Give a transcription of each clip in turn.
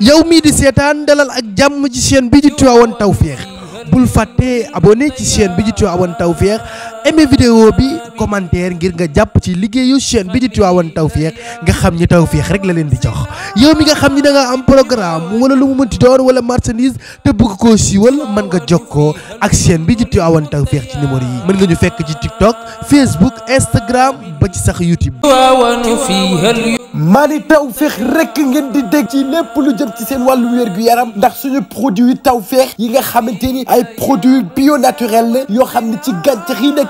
yow mii di seetaan dalal ak jàmm ci chaîne bi di Tivaouane Tawfekh bul fàtte abonné ci chaîne bi di Tivaouane Tawfekh aimé vidéo bi commentaire ngir nga jàpp ci liggéeyu chaîne bi di Tivaouane Tawfekh nga xam ni Tawfekh rek la leen di jox yow mi nga xam ni da nga am programme wala lu mu mënti doon wala marchandise te bëgg koo siiwal mën nga jokkoo ak chaîne bi di Tivaouane Tawfekh ci numéro yi mën nga ñu fekk ci TikTok Facebook Instagram ba ci sax YouTube. maa ni Tawfekh rek ngeen di dégg ci lépp lu jëm ci seen wàllu wérgu yaram ndax suñu produit Tawfekh yi nga xamante ni ay produit bio naturel la yoo xam gàncax yi nekk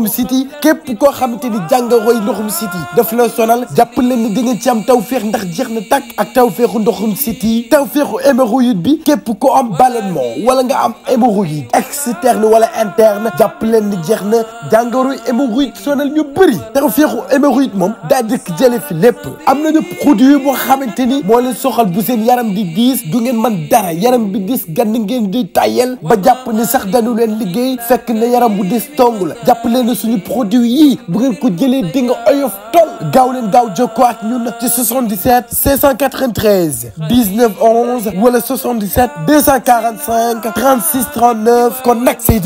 ndoxum City. Kep ko xamante ni jàngoroy ndoxum siti daf la sonal japp len ni di ci am taw ndax jeexna tak ak taw féexu ndoxum siti taw féexu bi kep ko am ballonnement wala nga am hémorroïde externe wala interne japp len ni jeexna na jàngoroy hémorroïde sonal ñu bëri taw féexu mom da daa dëkk jële fi lepp. am nañu produit bo xamante ni moo leen soxal bu seen yaram di diis du ngeen man dara yaram bi diis gann ngeen di tayel ba japp ni sax dañu len liggéey fekk na yaram bu diis tong la jàpp leen na suñu produit yii bu ngeen ko jëlee di nga oyof tol gaaw leen gaaw jokkoo ak ñun ci 77 593 19 11 wala 77 245 36 39 kon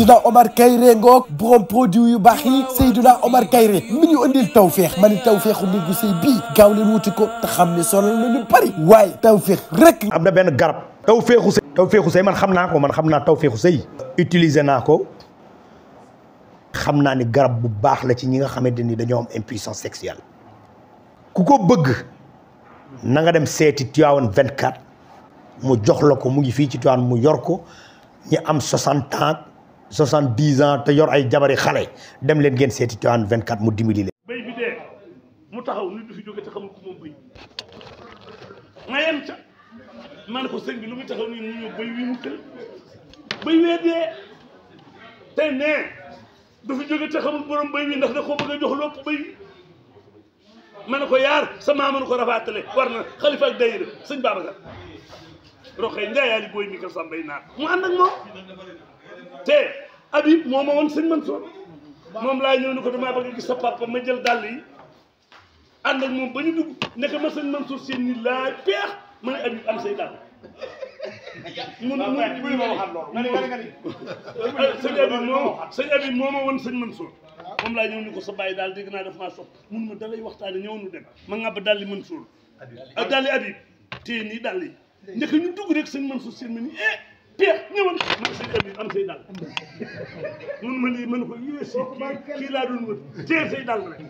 dina Omar Kayre ngoog borom produit yu baax yi Seydina Omar Kayre mi ñu andil tawfiix ma ne tawféexu néegu sëy bii gaaw leen wuti ko te xam ne sonal na ñu bëri waaye tawfiix rek. am na benn garab tawfiixu sëy tawfiixu sëy man xam naa ko man xam naa tawféexu sëy utiliser naa ko. xam naa ni garab bu baax la ci ñi nga xamante ni dañoo am impuissance sexuelle ku ko bëgg na nga dem seeti Tivaouane 24 mu jox la ko mu ngi fii ci Tivaouane mu yor ko ñi am 60 ans 70 ans te yor ay jabari xale dem leen geen seeti Tivaouane 24 mu dimbali leen. béy mu taxaw nit du fi jóge te xamul ko moom béy ma yem ca ma ko sëñ bi lu muy taxaw nii mu ñëw béy wi mu tël béy wee dee te du fi jóge te xamul borom béy wi ndax da koo bëgg jox lopp béy wi ma ne ko yaar sama maama nu ko rafaatale war na xalifa ak dayira sëñ Babacar roxee njaayaali booy mi ko sàmbay naar mu ànd ak moom te Habib moo ma woon sëñ Mansour moom laa ñëw ni ko damaa bëgg gis sa papa ma jël dàll yi ànd ak moom ba ñu dugg nekk ma sëñ Mansour seen ni laa peex ma ne am say dàll mun a mun ma waxaat moo sëñ Abib ma woon sëñ Mansour moom laa ñëw ni ko sa bàyyi daal dégg naa daf maa sopp mun ma dalay waxtaane ñëw nu dem ma ngàbb daal di Mansour daal di Abib téye nii daal di njëkk ñu dugg rek sëñ Mansour seen ma ni eh peex ñëwoon man sëñ Abib am say dàll mun ma lii mën ko yéesi kii laa doon wër téye say dàll rek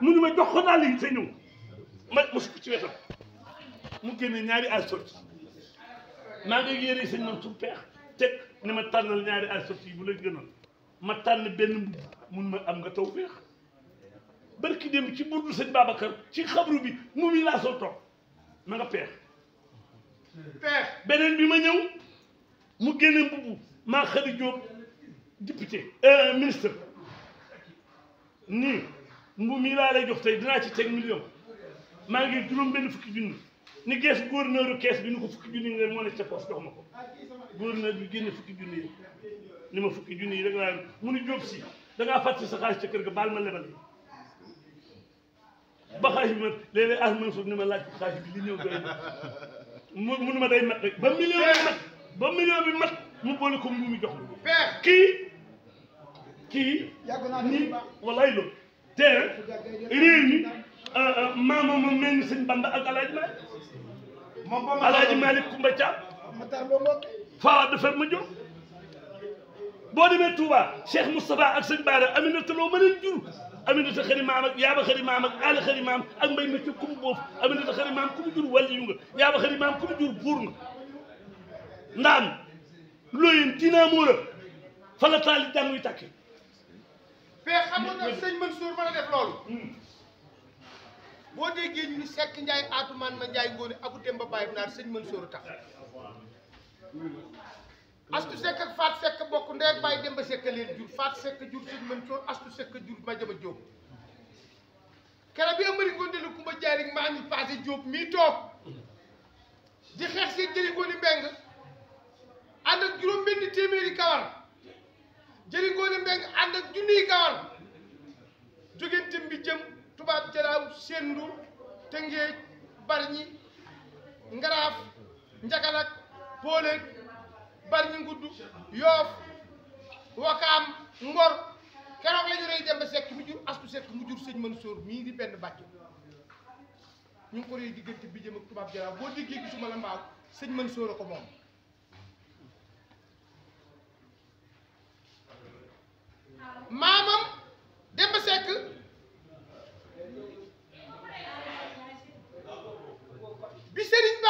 mu ma jox ko daal yi te ma mos ko ci wetam mu génne ñaari ay sotti maa nga yére sëñ Mansour peex teg ni ma tànnal ñaari assiette bu la gënoon ma tànn benn mun ma am nga taw peex barki dem ci burdu sëñ Babacar ci xabru bi mu mi laa soo toog ma nga peex beneen bi ma ñëw mu génne mbubu maa xari jóob député euh, ministre nii mbu mi laa lay jox tey dinaa ci teg million maa ngi juróom benn fukki junni ni kees gouverneur kees bi ni ko fukki junni nga moo ne sa poos dox ma ko gouverneur bi fukki junni ni ma fukki junni yi rek laa mu ni jóob si da ngaa fàtte sa xaalis ca kër ga baal ma lebal ba xaalis bi ma léeg-léeg ñëw doy mu ma day mat ba million bi mat ba million bi mu boole ko mu mu jox ma kii kii nii wallaay loolu te réew mi euh, euh, maama ma mel ni sëñ Bamba ak alaaji Malick Koumba Thiam Fawade Ferme Diop boo demee Touba Cheikh Moustapha ak sëñ Baara Aminata loo mën a jur Aminata xëri maam ak yaaba xëri maam ak aala xëri maam ak mbay métti ku mu boof Aminata xëri maam ku mu jur wàllu yu nga yaaba xëri maam ku mu jur buur nga ndaam looyeen dinaa moo la fa la taali daan muy takki. mais xam nga sëñ Mansour mën a def loolu. boo déggee ñu ni Seck Ndiaye Atoumane ma Ndiaye Ngone Abou Demba Baye Naar sëñ Mansour tax astu Seck Faat Seck bokk ndey ak Baye Demba Seck leen jur Faat Seck jur sëñ Mansour astu Seck jur ma jama kere bi Amari Ngoone la Kumba Jaari maa ngi passé Diop mii toog di xeex seen jëli Ngoone Mbeng ànd ak juróom kawar jëli Ngoone bi jëm tubaab jalaaw sendu tëngéej barñi ngaraaf njagalak pooleeg barñi ngudd yoof wakaam ngor keroog la ñu rey Demba Seck mu jur astu Seck mu jur sëñ Mansour mii di benn bàcc ñu ngi ko rey diggante bi jëm tubaab jalaaw boo déggee gisuma la mbaaw sëñ mën a ko moom maamam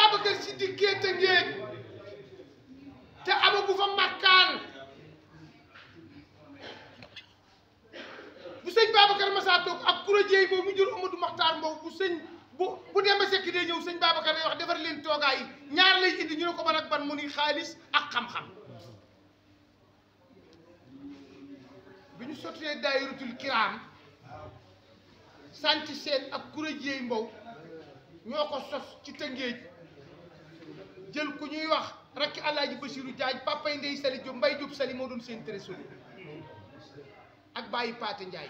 Babacar Si dikkee Tëngéej te amagu fa makkaan bu sëñ Babacar Massa toog ak kuréel yi boobu mu jël Amadou Makhtar Mbow bu sëñ bu bu Demba Sekk day ñëw sëñ Babacar day wax defar leen toogaay yi ñaar lay indi ñu ne ko ban ak ban mu ni xaalis ak xam-xam bi ñu sottee daayiratul kiraam sànc seen ak kuréel yi mbow ñoo ko sos ci Tëngéej jël ku ñuy wax rakki Alaaji Basiru Jaaj papay Ndey Sali Diop Mbay Diop Sali moo doon seen trésorier ak bàyyi Paate Njaay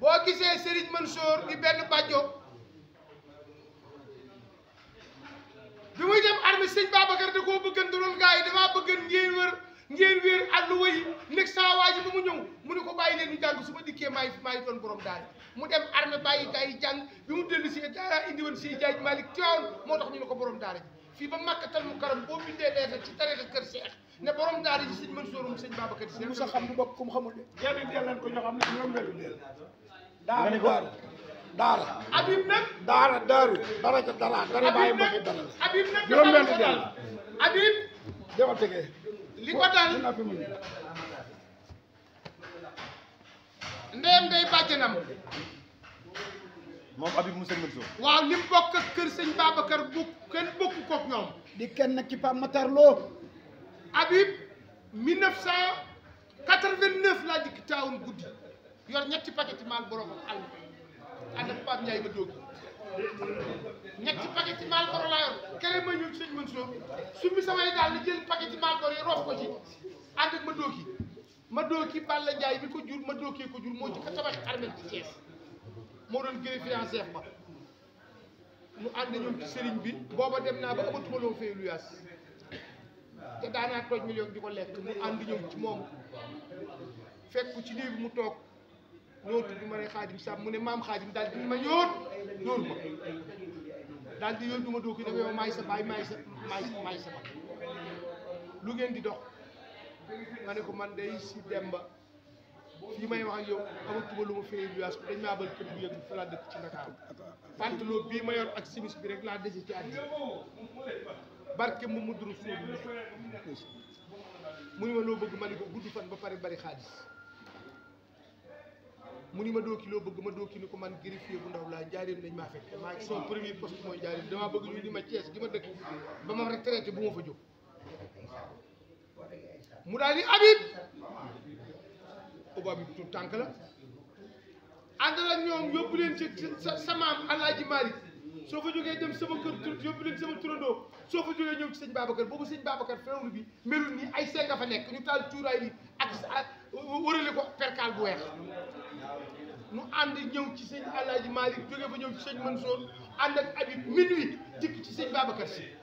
boo gisee sëriñ Serigne Mansour di benn bàjjo bi muy dem armée sëñ Babacar da koo bëggan da doon gars yi damaa bëggan ngeen wër ngeen wéer àlluwa yi nekk saa waa ji ba mu ñëw mu ne ko bàyyi leen ñu jàng su ma dikkee maay maay doon borom daal mu dem arme bàyyi kay jang bi mu delu ci dara indi won ci jaaj malik tion motax ñu ko borom daara ji fii ba Makkatal mu karam bo bindé leetal ci tarixa keur Cheikh ne borom daara ji sëñ Mansour sëñ Babacar Si musa xam du bok kum xamul de jënd deel leen ko ñoo xam ne ñoom nga deel daara daara daara Habib nag daara dara ca dara dara bàyyi mbokki dara Habib nag ñoom nga deel Habib dama tegee li ko dal ndeyam day bàjjanam moom Habib Moussa Mansour waaw li mu ak kër sëñ Babacar bu kenn bokku kook ñoom di kenn nag ci Pape Matar Lo Habib 1989 laa dikk taawun guddi yor ñetti paquet maal borom ak àll ànd ak Pape Ndiaye ba dóogi ñetti paquet maal bor laa yor keneen ma ñëw ci sëñ su mi samay daal li jël paquet maal bor yi roof ko ci ànd ak ma dóogi ma dooki Balla Ndiaye bi ko jur ma dookee ko jur moo ci ko tabaxi armel ci Thiès moo doon greffier en chef nu ànd ñoom ci sëriñ bi booba dem naa ba amatuma loo fee luyaas te daanaa toj million di ko lekk nu ànd ñoom ci moom fekk ci néeg mu toog ñoo tudd ma ne xaadim sàmm mu ne maam xaadim daal di ma yóot yóor ma daal di yóor du ma dooki ne ko yow maay sa baay maay sa maay sa maay lu ngeen di dox ma ne ko man day si ba fii may wax ak yow amatuma lu ma fayee luwaas bi dañ maa bëgg kër bu yëg fa laa dëkk ci Ndakaaru pantalon bii ma yor ak simis bi rek laa dese ci àddi barke mu mu duru suuf mu ni ma loo bëgg ma ne ko gudd fan ba pare bari xaalis mu ni ma dooki loo bëgg ma dooki ni ko man griffier bu ndaw laa njaareem nañ maa fekk maa ngi son premier poste mooy njaareem damaa bëgg ñu ni ma Thiès gi ma dëkk ba ma retraité bu ma fa jóg mu daal di abib uba bi tu tànk la ànd la ñoom yóbbu leen ci sa maam alaaji Malick soo fa jógee dem sama kër tur yóbbu leen sama turandoo soo fa jógee ñëw ci sëñ Babacar boobu sëñ Babacar feewlu bi melul ni ay seen nga fa nekk ñu taal cuuraay bi ak wërale ko perkaal bu weex nu ànd ñëw ci sëñ alaaji Malick jógee fa ñëw ci sëñ Mansour ànd ak abib minuit dikk ci sëñ Babacar si